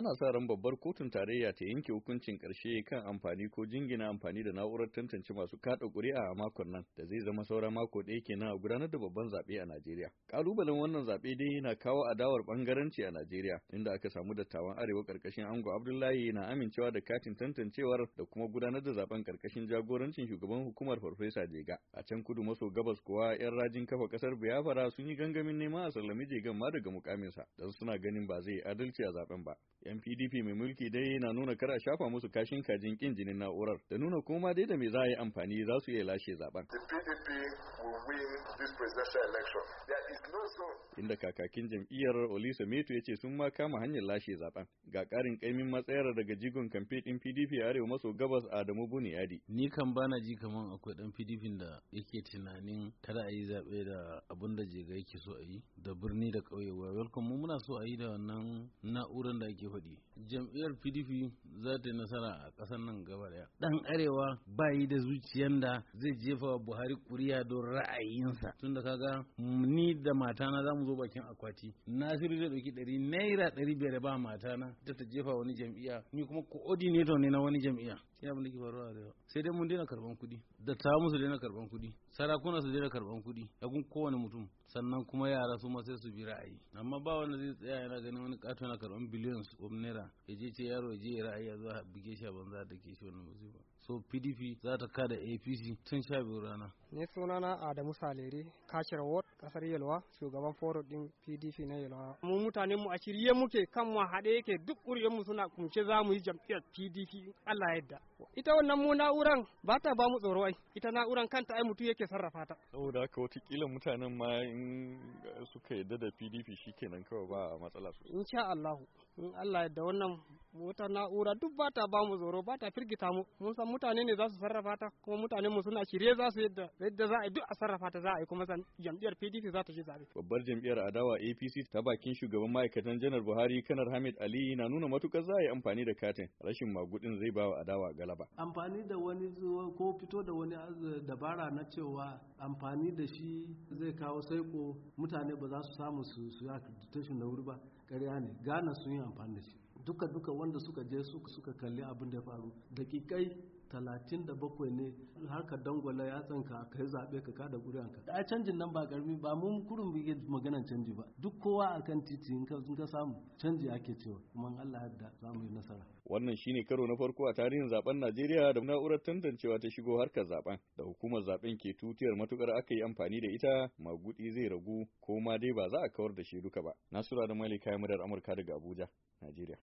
ana sa ran babbar kotun tarayya ta yanke hukuncin ƙarshe kan amfani ko jingina amfani da na'urar tantance masu kaɗa kuri'a a makon nan da zai zama sauran mako ɗaya kenan a gudanar da babban zaɓe a Najeriya. Ƙalubalen wannan zaɓe dai yana kawo adawar ɓangaranci a Najeriya inda aka samu dattawan arewa ƙarƙashin ango Abdullahi na amincewa da katin tantancewar da kuma gudanar da zaɓen ƙarƙashin jagorancin shugaban hukumar Farfesa Jega. A can kudu maso gabas kuwa 'yan rajin kafa ƙasar Biafra sun yi gangamin neman a sallami Jegan ma daga mukaminsa don suna ganin ba zai adalci a zaɓen ba. 'Yan PDP mai mulki dai na nuna kara shafa musu kashin kajin kin jinin na'urar da nuna kuma dai da mai za a yi amfani za su iya lashe zaben. Inda kakakin jam'iyyar Olisa Metu ya ce sun ma kama hanyar lashe zaben. Ga ƙarin ƙaimin matsayar daga jigon kamfe ɗin PDP a arewa maso gabas Adamu yadi Ni kan bana ji kamar akwai ɗan PDP da yake tunanin kada a yi zaɓe da abin da jega yake so a yi da birni da ƙauye. Welcome mu muna so a yi da wannan na'urar da ake kudi. jam'iyyar pdp za ta yi nasara a ƙasar nan gaba daya dan arewa ba yi da zuciyar da zai jefa wa buhari kuriya don ra'ayinsa tun da kaga ni da matana za mu zo bakin akwati nasiru zai ɗauki ɗari naira ɗari biyar ba matana ta ta jefa wani jam'iyya ni kuma coordinator ne na wani jam'iyya ya mu da ke faruwa da yawa sai dai mun daina karban kuɗi ta musu daina karban kuɗi sarakuna su daina karban kuɗi a kun kowane mutum sannan kuma yara su ma sai su bi ra'ayi amma ba wanda zai tsaya yana ganin wani kato na karban biliyan of naira ya je ce yaro ya je ya ra'ayi a zuwa buge shi a banza da ke shi wannan musiba so pdp za ta kada apc tun sha biyu rana ne sunana adamu saleri kashir ward kasar yalwa shugaban forum din pdp na yalwa mu mutane mu a shirye muke kan mu haɗe yake duk ƙuriyar mu suna kunce za mu yi jam'iyyar pdp allah yadda ita wannan mu na'uran ba ta ba mu tsoro ai ita na'uran kanta ai mutu yake sarrafa ta saboda haka watakila mutanen ma in suka yadda da pdp shi shikenan kawai ba matsala su insha Allah in Allah da wannan wata na'ura duk ba ta bamu tsoro ba ta firgita mu mun san mutane ne za su sarrafa ta kuma mutanen mu suna shirye za su yadda yadda za a yi duk a sarrafa ta za a yi kuma san jam'iyyar PDP za ta je zabe babbar jam'iyyar adawa APC ta bakin shugaban ma'aikatan janar Buhari kanar Hamid Ali na nuna matukar za a yi amfani da katin rashin magudin zai ba wa adawa galaba amfani da wani ko fito da wani eh, dabara na cewa amfani da shi zai kawo saiko mutane ba za su samu su su ya tashin da wuri ba ƙarya ne gana sun yi パンパです duka duka wanda suka je suka kalli abin da ya faru dakikai talatin da bakwai ne harka dangwala ya tsanka ka yi zaɓe ka kada ƙuri'anka a canjin nan ba ƙarfi ba mun kurun bige maganan canji ba duk kowa a kan titi in ka samu canji ake cewa kuma Allah yadda za mu yi nasara wannan shine karo na farko a tarihin zaben Najeriya da na'urar tantancewa ta shigo harkar zaben da hukumar zaben ke tutiyar matukar aka yi amfani da ita magudi zai ragu ko ma dai ba za a kawar da shi duka ba Nasura da Malika Yamurar Amurka daga Abuja Najeriya